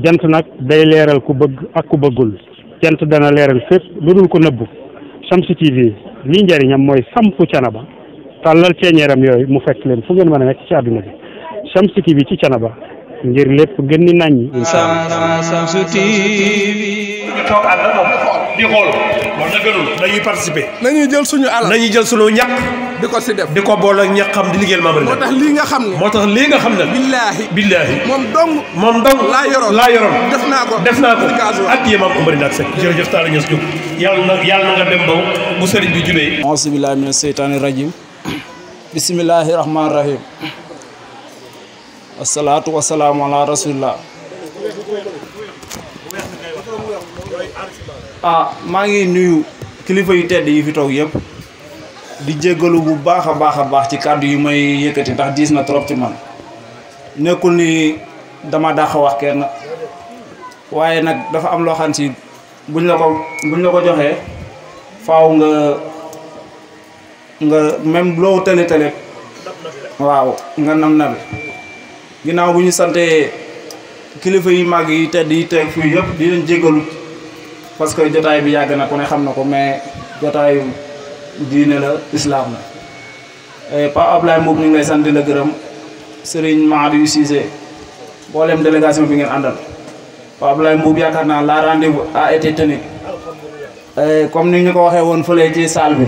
jant nag day leeral ku bëgg ak ku bëggul jant dana leeral fépp lu dul ko nëbbu Shamsu TV li njëriñam mooy sampu canaba tàllal ceeñeeram yooyu mu fekk leen fu ngeen mën a nekk ci àdduna bi Shamsu TV ci canaba ngir lépp gën ni naññ. di xool loolu dëgganul dañuy participer nañuy jël suñu alal nañuy jël suñu ñak di ko def di ko boole ñaqam di liggéeyal maam moo tax nga xam ne moo nga xam ne billaahi billaahi dong moom dong laa yoroon laa yoroon def naa def ak nga dem baw bu bi billahi rajim rahim ala rasulillah ah maa ngi nuyu kilifa yu tedd yi fi toog yëpp di jéggalu bu baax a baax a baax ci kàddu yi may yëkkati ndax diis na trop ci man nekkul ni dama dàq wax kenn waaye nag dafa am loo si buñ la ko la ko joxee faw nga nga même loo tële tële waaw nga nam na bi ginnaaw bu ñu santee kilifa yi mag yi tedd yi teg fii yëpp di leen jéggalu parce que jotaay bi yàgg na ku ne xam na ko mais jotaayu diine la islaam la eh, Pa Ablaye Mbuub ñu ngi lay sant di la gërëm Serigne Mahadou Cissé mboolem délégation bi ngeen àndal Pa Ablaye Mbuub yaakaar naa laa rendez-vous a été tenu eh, comme ni ñu ko waxee woon fële ci salle bi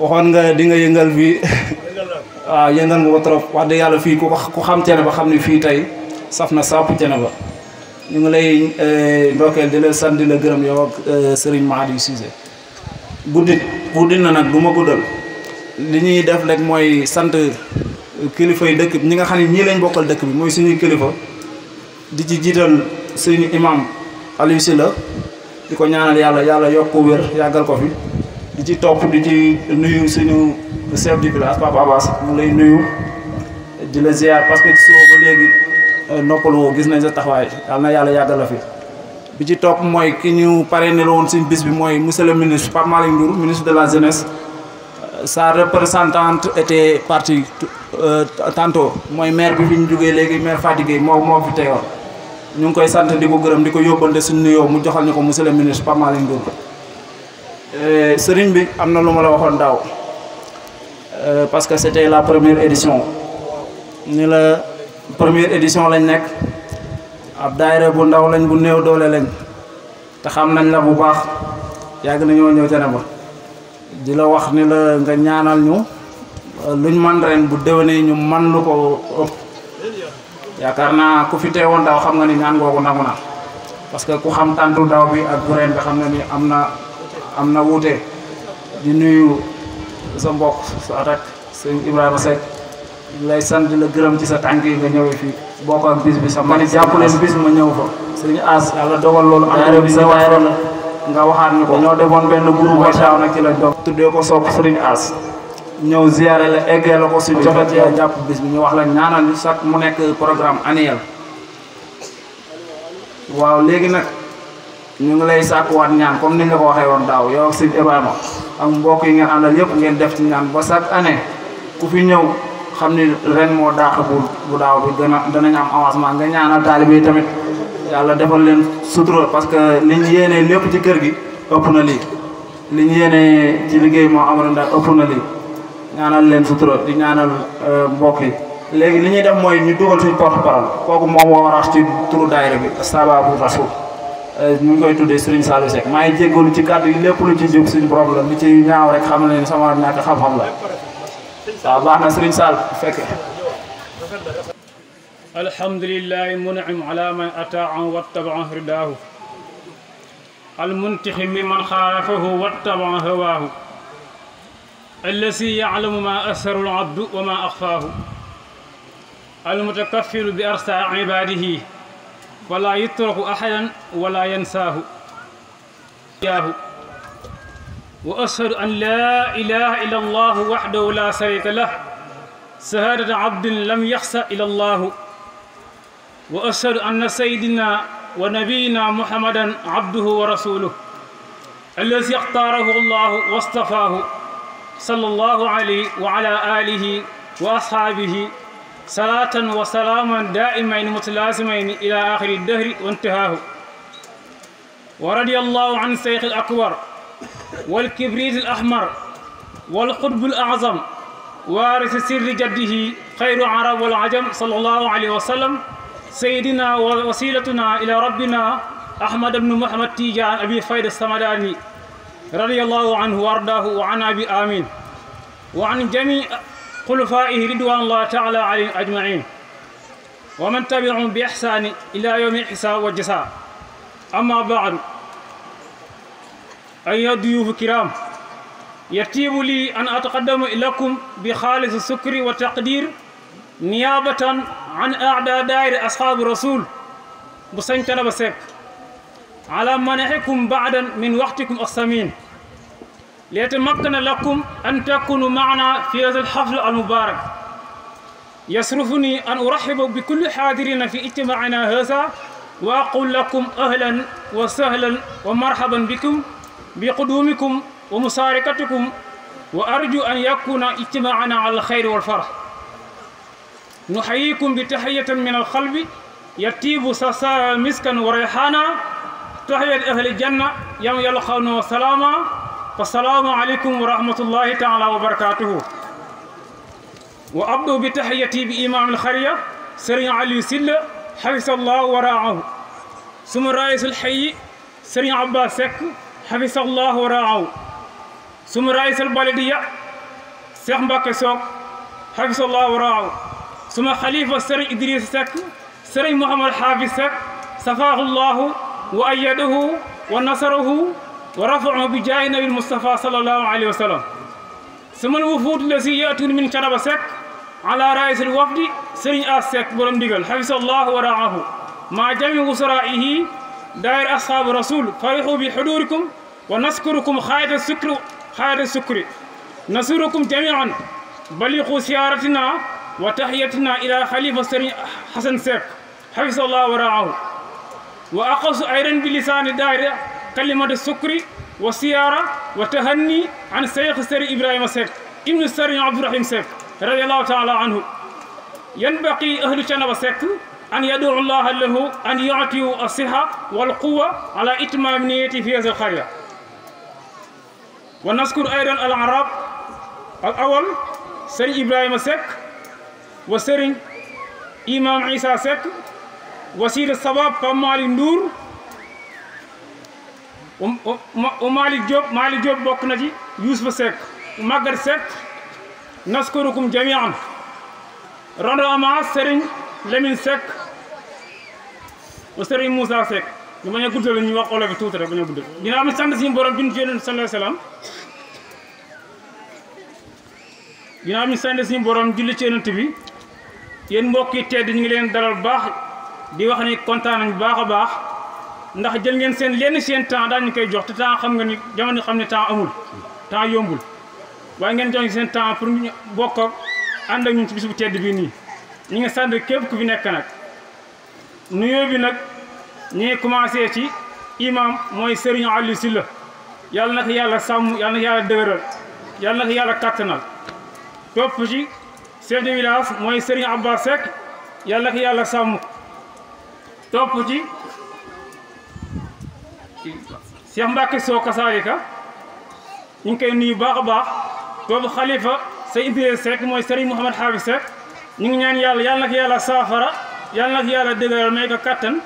waxoon nga di nga yëngal bi waaw ah, yëngal nga ko trop wax dëgg yàlla fii ku xam cene ba xam ne fii tey saf na sàpp cene ba ñu ngi lay eh, ndokkeel di la sant di la gërëm yow ak eh, Serigne Mahdi Cissé guddi guddi na nag du ma guddal li ñuy def rek mooy sant kilifa yi dëkk bi ñi nga xam ne ñii lañ bokkal dëkk bi mooy suñuy kilifa di ci jiital suñu imam Aliou la di ko ñaanal yàlla yàlla yokk wér yàggal ko fi di ci topp di ci nuyu suñu chef du village Papa Abbas mu lay nuyu di la ziar parce que soo ba léegi. noppaloo gis nañ sa taxawaay na yàlla yàggal la fi bi ci topp mooy ki ñu parrainé la woon suñ bis bi mooy monsieur le ministre Pape Malick Ndour ministre de la jeunesse sa représentante était partie euh, tantôt mooy maire bi fi ñu jógee léegi maire Fatick moo moo fi teewoon ñu ngi koy sant di ko gërëm di ko yóbbante suñu nuyoo mu joxal ñu ko monsieur le ministre Pape Malick euh, sëriñ bi am na lu ma la waxoon daaw euh, parce que c'était la première édition ni la première édition lañ nek ab daaira bu ndaw lañ bu neew doole lañ te xam nañ la bu baax nañu ñew ñëw ba di la wax ni la nga ñaanal ñu luñ man reen bu deewene ñu man lu ko ëpp yaakaar naa ku fi teewoon daaw xam nga ni ñaan googu nangu na parce que ku xam tantu daw bi ak bu bi xam nga ni am na am di nuyu sa mbokk sa atak sëñ Ibrahima Seck ñu lay sant di la gërëm ci sa nga bis bi sa man jàpp leen bis ma ñëw fa As yàlla dogal loolu affaire bi sa waayroon la nga waxaat ni ko ñoo defoon benn groupe waxtaan nag ci ko sopp As ñëw ziare la eggee la ko suñ joxe bis bi ñu wax la ñaanal ñu sax mu nekk programme annuel waaw léegi nag ñu ngi lay sàkkuwaat ñaan comme ni nga ko waxee woon daaw yow ak Ibrahima ak mbokk yi yëpp ngeen def ci ñaan ba année ku fi ñëw xam ni ren moo daax bu bu daaw bi gën a danañ am avancement nga ñaanal taalibe yi tamit yàlla defal leen sutura parce que li ñu yéenee lépp ci kër gi ëpp na lii li ñu yéene ci liggéey moo amoon ndax ëpp na lii ñaanal leen sutura di ñaanal euh, mbokk yi léegi li ñuy def mooy ñu dugal suñ porte parole kooku moom moo war ci turu daayira bi sababu rasul euh, ñu ngi koy tuddee Serigne Saliou Seck maa ngi jéggalu ci kàddu yi lépp lu ci jóg suñu problème li ci ñaaw rek xam ne sama ñàkk xam-xam la waaw baax na Serigne Sall fekke alhamdulillahi munim ala man ataahu wattabaa ridaahu المنتخم ممن خالفه واتبع هواه الذي يعلم ما أسر العبد وما أخفاه المتكفل بأرسى عباده ولا يترك أحدا ولا ينساه ياهو وأشهد أن لا إله إلا الله وحده لا شريك له شهادة عبد لم يخشى إلا الله وأشهد أن سيدنا ونبينا محمدا عبده ورسوله الذي اختاره الله واصطفاه صلى الله عليه وعلى آله وأصحابه صلاة وسلاما دائمين متلازمين إلى آخر الدهر وانتهاه ورضي الله عن سيخ الأكبر والكبريت الأحمر والقطب الأعظم وارث سر جده خير عرب والعجم صلى الله عليه وسلم سيدنا ووسيلتنا إلى ربنا أحمد بن محمد تيجان أبي فايد السمداني رضي الله عنه وارضاه وعن أبي آمين وعن جميع خلفائه رضوان الله تعالى عليهم أجمعين ومن تبعهم بإحسان إلى يوم الحساب والجزاء أما بعد أيها الضيوف الكرام يتيب لي أن أتقدم لكم بخالص الشكر والتقدير نيابة عن أعداء دائر أصحاب الرسول بسنة طلب على منحكم بعدا من وقتكم الثمين ليتمكن لكم أن تكونوا معنا في هذا الحفل المبارك يسرفني أن أرحب بكل حاضرين في اجتماعنا هذا وأقول لكم أهلا وسهلا ومرحبا بكم بقدومكم ومشاركتكم وأرجو أن يكون اجتماعنا على الخير والفرح نحييكم بتحية من القلب يطيب سسا مسكا وريحانا تحية أهل الجنة يوم يلقون سلاما فالسلام عليكم ورحمة الله تعالى وبركاته وأبدو بتحيتي بإمام الخرية سرين علي سل حفظ الله وراعه ثم رئيس الحي سرين عباس سكو حفظ الله ورعاو ثم رئيس البلدية سيخ مباكي سوك حفظ الله ورعاو ثم خليفة سري إدريس سك سري محمد حافظ سك سفاه الله وأيده ونصره ورفعه بجاه نبي المصطفى صلى الله عليه وسلم ثم الوفود الذي يأتون من شرب سك على رئيس الوفد سري آس سك برمدقل حفظ الله ورعاه مع جميع سرائه داير أصحاب رسول فرحوا بحضوركم ونذكركم خالد السكر خالد السكر نصركم جميعا بلغوا سيارتنا وتحيتنا إلى خليفة حسن سيف حفظ الله ورعاه وأقص أيضا بلسان دائرة كلمة السكر وسيارة وتهني عن سيخ سري إبراهيم سيف ابن سري عبد الرحيم سيف رضي الله تعالى عنه ينبقي أهل شنب سيف أن يدعو الله له أن يعطيه الصحة والقوة على إتمام نيته في هذا الخير. ونذكر أيضا العرب الأول سري إبراهيم سك وسري إمام عيسى سك وسير الصباب مالك نور ومالك جوب مالك جوب بوكنجي يوسف سك ومقر سك نذكركم جميعا رنا مع سرين sec Seck Serigne Moussa sec ni ma a guddal ñu wax olof tout rek bañ a guddal ginnaaw mi sant suñu borom jun ci sallallahu alayhi wasallam dina am sant suñu borom julli ci yonent tibi yeen mbokk yi tedd ñu ngi leen dalal baax di wax ni contane nañ baaxa baax ndax jël ngeen seen lenn seen temps dañ koy jox te xam nga ni jamono xam ni temps amul temps yombul way ngeen jox seen temps pour ñu bokk and ak ñun ci bisu tedd bi ni ñi ngi sant képp ku fi nekk nag nuyoo bi nag ñi ngi commencé ci imam mooy Serigne Aliou Sylla yàlla na ko yàlla sàmm yàlla na ko yàlla dëgëral yàlla na ko yàlla kattanal topp ci chef de village mooy Serigne Abba Seck yàlla na ko yàlla sàmm topp ci Cheikh Mbacke Sow kasaalika ñu ngi koy nuyu baax a baax boobu xalifa sa Idrissa Seck mooy Serigne Mouhamed Habib Seck ñu ngi ñaan yàlla yàlla na yàlla saafara yàlla na ko yàlla dëgëral may ko kattan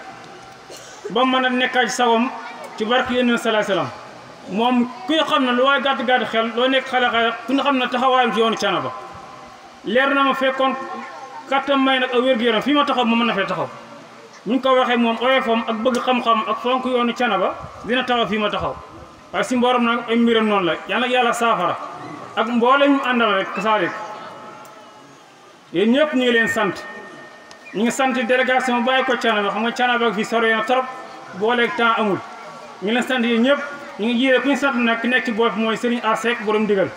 ba mën a nekkaaj sawam ci barke yónneen salaay salaam moom ku xam ne lu waay gàtt gàtt xel loo nekk xale xale ku ñu xam ne taxawaayam ci yoonu Thiénaba leer na ma fekkoon kattan may nag ak wér-gu-yaram fii ma taxaw ma mën na fee taxaw ñu ngi ko waxee moom oyofam ak bëgg xam-xam ak fonk yoonu Thiénaba dina taxaw fii ma taxaw waaye si mbooram nag ay mbiram noonu la yàlla na yàlla saafara ak mboolem ñu yéen ñëpp ñu leen sant ñu ngi sant délégation bàyyi ko Thiénaba xam nga Thiénaba ak fii sore trop booleeg temps amul ñu ngi leen sant yéen ñëpp ñu ngi jiite ku ñu sant nag ki nekk ci bopp mooy Serigne Arsek borom digal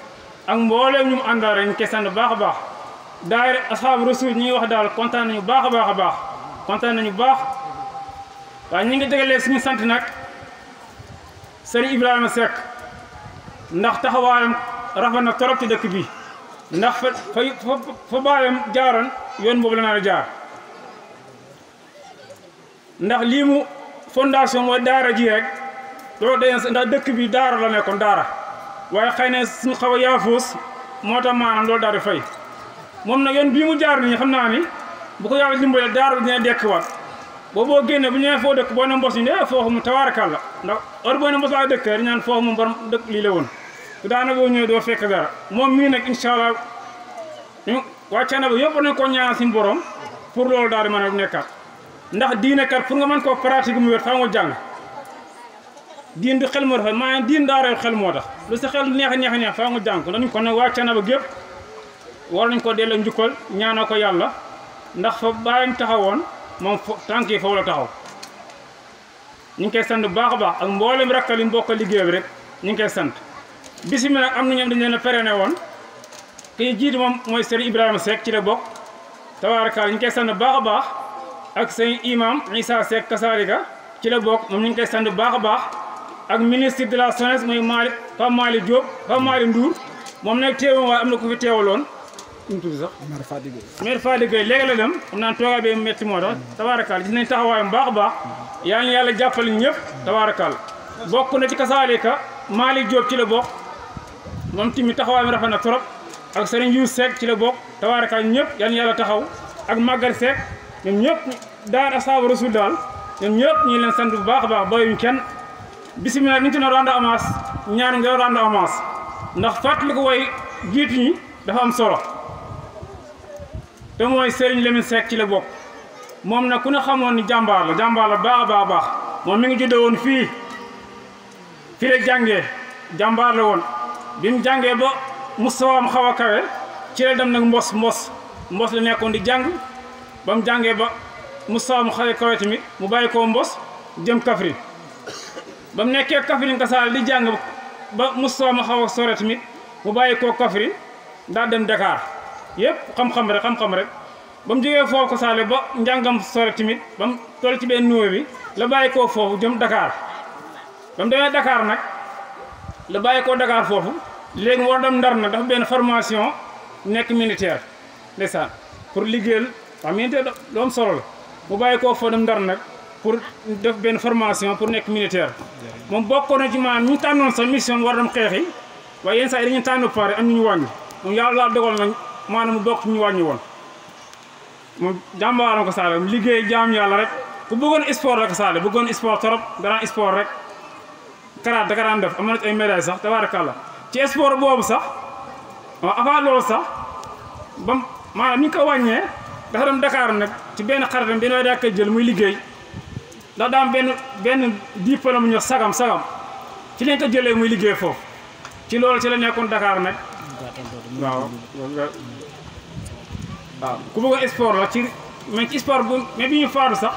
ak mbooleem ñu mu àndal rek ñu koy sant baax a baax daayira asxaabu rasuul ñi wax daal kontaan nañu baax a baax a baax kontaan nañu baax waaye ñu ngi dégalee suñu sant nag Serigne Ibrahima Seck ndax taxawaayam rafet na trop dëkk bi ndax fa fa fa baayam jaaroon yoon boobu la jaar ndax lii mu fondation mooy daara ji rek doo sa ndax dëkk bi daara la nekkoon daara waaye xëy na suñu xaw a yaafuus moo tax maanaam loolu daal fay moom na yoon bii mu jaar nii xam naa ni bu ko yàlla dimbalee daara dina dekkiwaat boo boo génne bu ñu nee foo dëkk boo ne mbos ñu ne foofu mu tawaarakal la ndax heure boo ne mbos laa dëkk rek ñaan foofu mu borom dëkk lii woon daana boo ñëwee doo fekk dara moom mii nag incha allah ñu waa Thiénaba yëpp nañ ko ñaanal suñu borom pour loolu daal di mën a nekkaat ndax diine kat pour nga mën koo pratique mu wér faa nga jàng diin du xel moo tax maanaam diin daa reew xel moo tax lu sa xel neex a neex a neex faa nga jàng ko dañu ko nag waa Thiénaba gépp war nañ ko delloo njukkal ñaanal ko yàlla ndax fa bàyyam taxawoon moom fo tànk yi foofu la taxaw ñu ngi koy sant bu baax a baax ak mboolem rakkal yi mbokk liggéey bi rek ñu ngi koy sant. bisimi nag am na ñoom dañ leen a péréné woon kii jiit moom mooy sëriñ Ibrahima Seck ci la bokk tabaarakaal ñu ngi koy sant baax a baax ak sëriñ imam Issa Seck Kasarika ci la bokk moom ñu ngi koy sant baax a baax ak ministre de la jeunesse mooy Malick Pape Malick Diop Pape Malick Ndour moom nag teewul waaye am na ku fi teewaloon ñu tudd sax. maire Fadi Gueye. maire Fadi Gueye léegi la dem xam naa toogaay bi métti moo tax tabaarakaal gis nañ taxawaayam baax a baax yal na yàlla jàppale ñëpp tabaarakaal bokk na ci Kasarika Malick Diop ci la bokk. moom tamit taxawaay mi rafet na trop ak sëriñ yu Seck ci la bokk tabaaraka ñëpp yan a taxaw ak Magal Seck ñoom ñëpp daan asaabu rasul daal ñoom ñëpp ñu leen sant bu baax a baax bàyyiwuñ kenn bisimilah ni ñu tuddee rendre hommage ñaan nga rendre ndax fàttali ko way jiitu ñi dafa am solo te mooy Serigne Lamine Seck moom nag ku ne xamoon ni jàmbaar la jàmbaar la baax a baax a baax moom mi ngi juddoo woon fii fii la jàngee jàmbaar la woon. bi mu jàngee ba mustawaam xaw a kawe ci la dem nag mbos mbos mbos la nekkoon di jàng ba mu jàngee ba mustawaam xaw a kawe tamit mu bàyyi koo mbos jëm Kaffrine ba mu nekkee Kaffrine kasaal di jàng ba mu mustawaam xaw a sore tamit mu bàyyi koo Kaffrine daa dem Dakar yëpp xam-xam rek xam-xam rek ba mu jógee foofu kasaale ba njàngam sore tamit ba mu toll ci benn nuwe bi la bàyyi koo foofu jëm dakaar ba mu demee Dakar nag la bàyyi koo Dakar foofu léegi moo dem ndar na dafa benn formation nekk militaire ndeysaan pour liggéeyal waaw militaire lu am la mu bàyyi koo foo dem ndar nag pour def benn formation pour nekk militaire moom bokkoon na ci maanaam ñu tànnoon sa mission war dem xeexi waaye yenn saa yi dañuy tànn pare am ñu ñu wàññi moom yàlla dogal nañ maanaam mu bokk ñu wàññi woon moom jàmbaaram ko saale liggéey jaam yàlla rek ku bëggoon sport rek saale bëggoon sport trop grand rek karaat da def am na ay médailles sax tabaarakàlla ci sport boobu sax waaw avant loolu sax ba maanaam ñu ko wàññee dafa dem Dakar nag ci benn xaritam benn muy liggéey ndax daam benn benn diplôme mu sagam sagam ci lañ ko jëlee muy liggéey foofu ci loolu ci la nekkoon Dakar nag waaw waaw ku bëgg sport la ci mais ci sport bu mais bi ñu faatu sax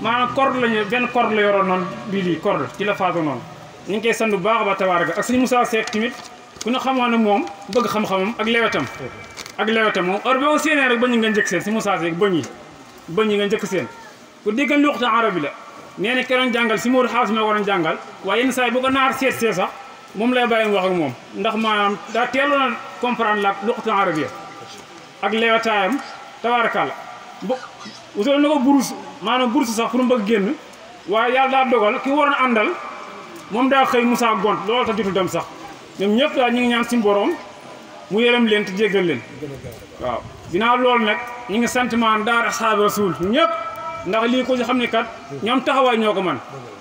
maanaam corde lañu benn corde la yoroon noonu bii lii corde ci la faatu noonu ñu ngi koy sant bu baax a baax tabaaraka ak sëñ Moussa Seck tamit ku ñu xamoon ne moom bëgg xam-xamam ak lewetam ak lewetam moom heure boo ba ñu nga njëkk seen sëñ Moussa Seck bëñ yi bëñ yi nga seen ku déggan lu bi la nee na keroon jàngal si Mourou Xaas ma waroon jàngal waaye yenn saa yi naar seet see sax moom lay bàyyi wax ak moom ndax maanaam daa teeloon a comprendre la luqatu arabia ak leewataayam tabaarakàlla bu utal na ko burus maanaam burus sax pour mu bëgg génn waaye yàlla daa dogal ki waroon àndal moom daa xëy Moussa gont loolu tax jotu dem sax ñoom ñëpp daal ñu ngi ñaan suñu borom mu yërëm leen te jéggal leen waaw ginnaaw loolu nag ñu ngi sant maam daara asxaabi rasul ñëpp ndax lii ko xam ni kat ñam taxawaay ñoo ko man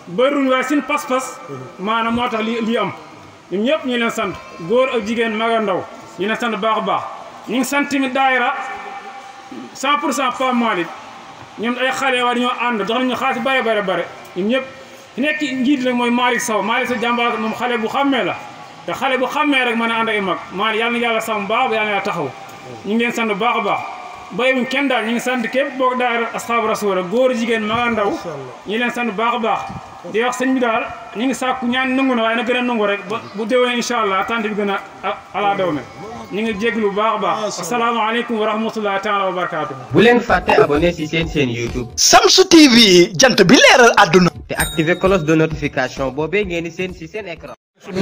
bëruñ waaye seen pas-pas maanaam moo tax li lii am ñun ñëpp ñu leen sant góor ak jigéen mag ak ndaw ñu leen sant baax a baax ñu ngi sant mi daayira pour cent Pa Malick ñoom ay xale waa dañoo ànd dox ñu xaalis bare bare bare ñun ñëpp nekk njiit nag mooy Malick Sow Malick Sow jàmbaar moom xale bu xàmmee la te xale bu xàmmee rek mën a ànd ak i mag maanaam yàlla na baax yàlla na yàlla taxaw ñu ngi leen sant baax a baax bàyyiwuñ kenn daal ñu ngi sant képp boog daayira asxaabu rasuul góor jigéen ma ndaw ñu ngi leen sant bu baax a baax di wax sëñ bi daal ñu ngi sàkku ñaan nangu na waaye na gën a nangu rek ba bu déwénee incha allah tant bi gën a ala daw na ñu ngi jéglu bu baax a baax asalaamaaleykum wa rahmatullahi taala wa barakaatu bu leen fàtte abonné seen seen YouTube Shamsu TV bi leeral te activer cloche de notification boobee ngeen di seen si seen écran.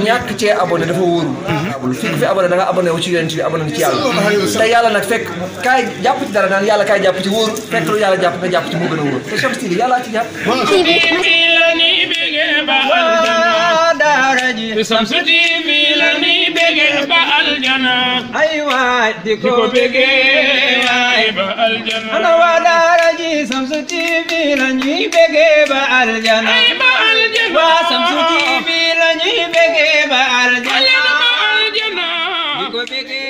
ñàkk cee abonné dafa wóoru fi mhm. ku fi abonné da nga abonné wu ci yonent bi abonné ci yàlla te yàlla nag fekk kaay jàpp ci dara naan yàlla kaay jàpp ci wóoru mhm. fekk lu yàlla jàpp nga jàpp ci moo gën a wóor te Shamsu TV yàlla ci jàpp Shamsu TV la ni bege ba aljana ay waay di ko bege waay ba aljana ana waa daara ji Shamsu TV la ñuy bege ba aljana ay ba aljana waa Shamsu TV la ñuy bege ba aljana di ko bege